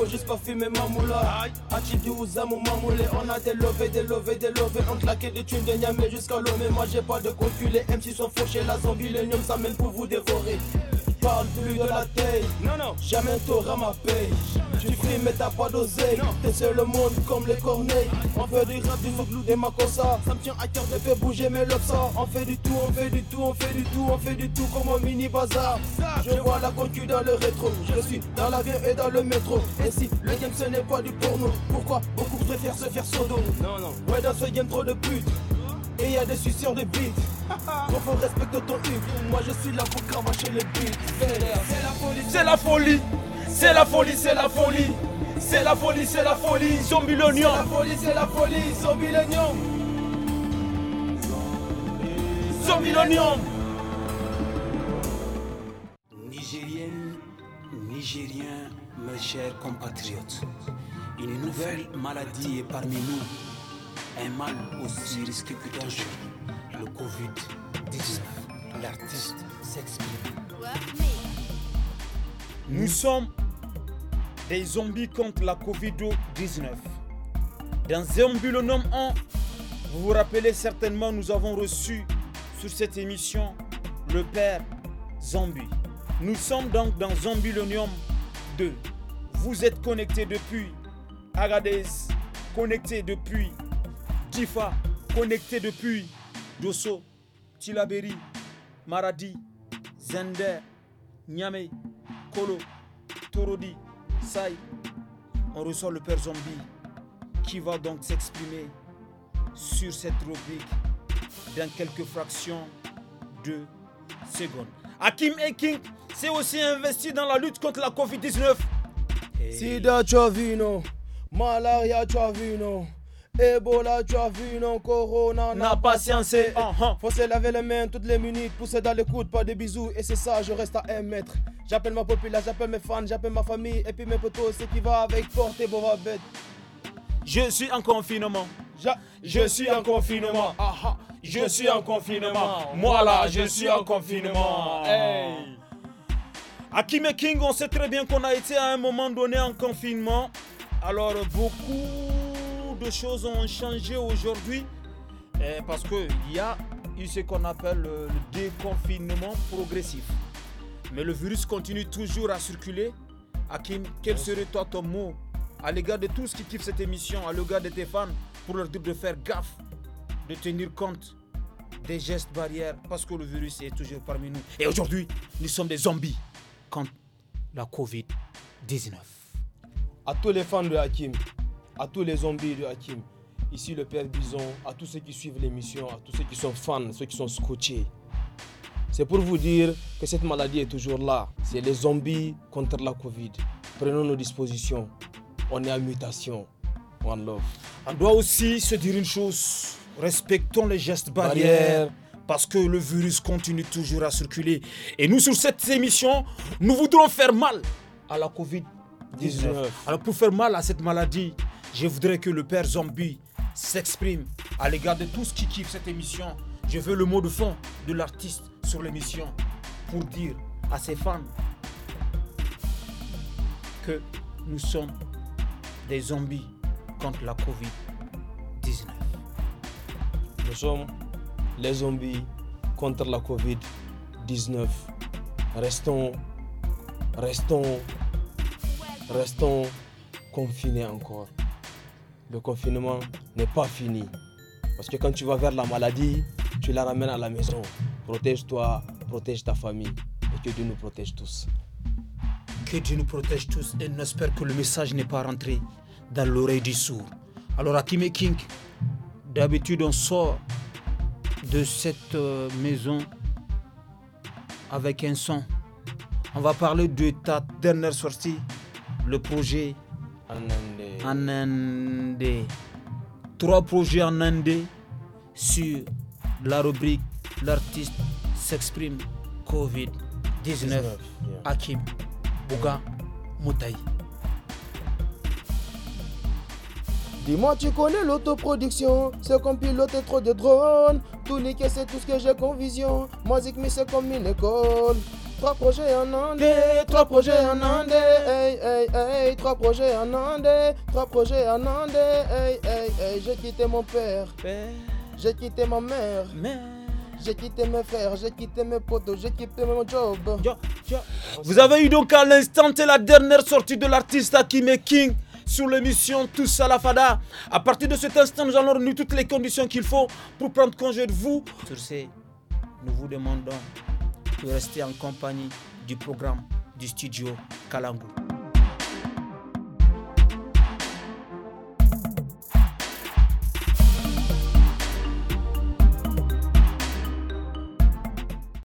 Jusqu'à juste pas fumer ma moula. mon mamoulé, on a des lovés, des lovés, des lovés. On claquait des thunes de Niamey jusqu'à l'homme et Moi j'ai pas de conculé, M6 sont fauchés, la zombie, les gnomes, ça mène pour vous dévorer. Parle plus de la taille, non, non. jamais t'auras ma paye. Tu frimes mais t'as pas d'oseille, t'es seul le monde comme les corneilles. On fait du rap, du souglou, des macosas. Ça me tient à cœur de faire bouger mes ça On fait du tout, on fait du tout, on fait du tout, on fait du tout comme un mini bazar. Je vois la concu dans le rétro, je suis dans l'avion et dans le métro. Et si le game ce n'est pas du porno, pourquoi beaucoup préfèrent se faire sodo Non, non, ouais, dans ce game trop de putes, et y a des suceurs de bites respect respecte ton Moi je suis là pour cravacher les billes. C'est la folie, c'est la folie, c'est la folie. C'est la folie, c'est la folie, zombie l'oignon. C'est la folie, c'est la folie, zombie l'oignon. Zombie l'oignon. Nigérienne, Nigérien, mes chers compatriotes, une nouvelle maladie est parmi nous. Un mal aussi risqué que dangereux le Covid-19. L'artiste s'exprime. Nous sommes des zombies contre la Covid-19. Dans Zombie 1, vous vous rappelez certainement, nous avons reçu sur cette émission le père Zombie. Nous sommes donc dans Zombilonium 2. Vous êtes connecté depuis Agadez, connecté depuis tifa connecté depuis Dosso, Tilaberi, Maradi, Zender, Nyame, Kolo, Torodi, Sai. On reçoit le père Zombie qui va donc s'exprimer sur cette rubrique dans quelques fractions de secondes. Hakim Eking s'est aussi investi dans la lutte contre la COVID-19. Sida, tu Malaria, tu Ebola, tu as vu, non, Corona, n'a pas sciencé. Ah, ah. Faut se laver les mains toutes les minutes, pousser dans les coudes, pas de bisous. Et c'est ça, je reste à un mètre. J'appelle ma populace, j'appelle mes fans, j'appelle ma famille. Et puis mes potos, c'est qui va avec porte et bête. Je suis en confinement. je suis en confinement. Ah, je suis en confinement. Moi là, je suis en confinement. Hey. et King, on sait très bien qu'on a été à un moment donné en confinement. Alors beaucoup de choses ont changé aujourd'hui eh, parce que il y a ce qu'on appelle le déconfinement progressif. Mais le virus continue toujours à circuler. Hakim, quel serait toi ton mot à l'égard de tous qui kiffent cette émission, à l'égard de tes fans, pour leur dire de faire gaffe, de tenir compte des gestes barrières, parce que le virus est toujours parmi nous. Et aujourd'hui, nous sommes des zombies contre la COVID-19. À tous les fans de Hakim, à tous les zombies de Hakim. Ici le Père Bison, à tous ceux qui suivent l'émission, à tous ceux qui sont fans, ceux qui sont scotchés. C'est pour vous dire que cette maladie est toujours là. C'est les zombies contre la Covid. Prenons nos dispositions. On est à mutation. One love. On doit aussi se dire une chose. Respectons les gestes barrières. parce que le virus continue toujours à circuler. Et nous, sur cette émission, nous voudrons faire mal à la Covid-19. Alors, pour faire mal à cette maladie, je voudrais que le père Zombie s'exprime à l'égard de tous qui kiffent cette émission. Je veux le mot de fond de l'artiste sur l'émission pour dire à ses fans que nous sommes des zombies contre la Covid-19. Nous sommes les zombies contre la Covid-19. Restons, restons, restons confinés encore le confinement n'est pas fini. Parce que quand tu vas vers la maladie, tu la ramènes à la maison. Protège-toi, protège ta famille et que Dieu nous protège tous. Que Dieu nous protège tous et on que le message n'est pas rentré dans l'oreille du sourd. Alors Akime King, d'habitude on sort de cette euh, maison avec un son. On va parler de ta dernière sortie, le projet en Trois projets en Inde sur la rubrique L'artiste s'exprime Covid-19. Hakim Bouga Moutaï. Dis-moi, tu connais l'autoproduction C'est comme piloter trop de drones. Tout niquer, c'est tout ce que j'ai comme vision. Moi, Zikmi, c'est comme une école. Trois projets en Andé, trois projets en Andé, hey, hey, hey, trois projets en Andé, trois projets en Andé, hey, hey, j'ai quitté mon père, j'ai quitté ma mère, J'ai quitté mes frères, j'ai quitté mes potos, j'ai quitté mon job. Vous avez eu donc à l'instant la dernière sortie de l'artiste qui Akime King sur l'émission Tous à la Fada. À partir de cet instant, nous allons réunir toutes les conditions qu'il faut pour prendre congé de vous. Sur ce, nous vous demandons de rester en compagnie du programme du studio Kalangu.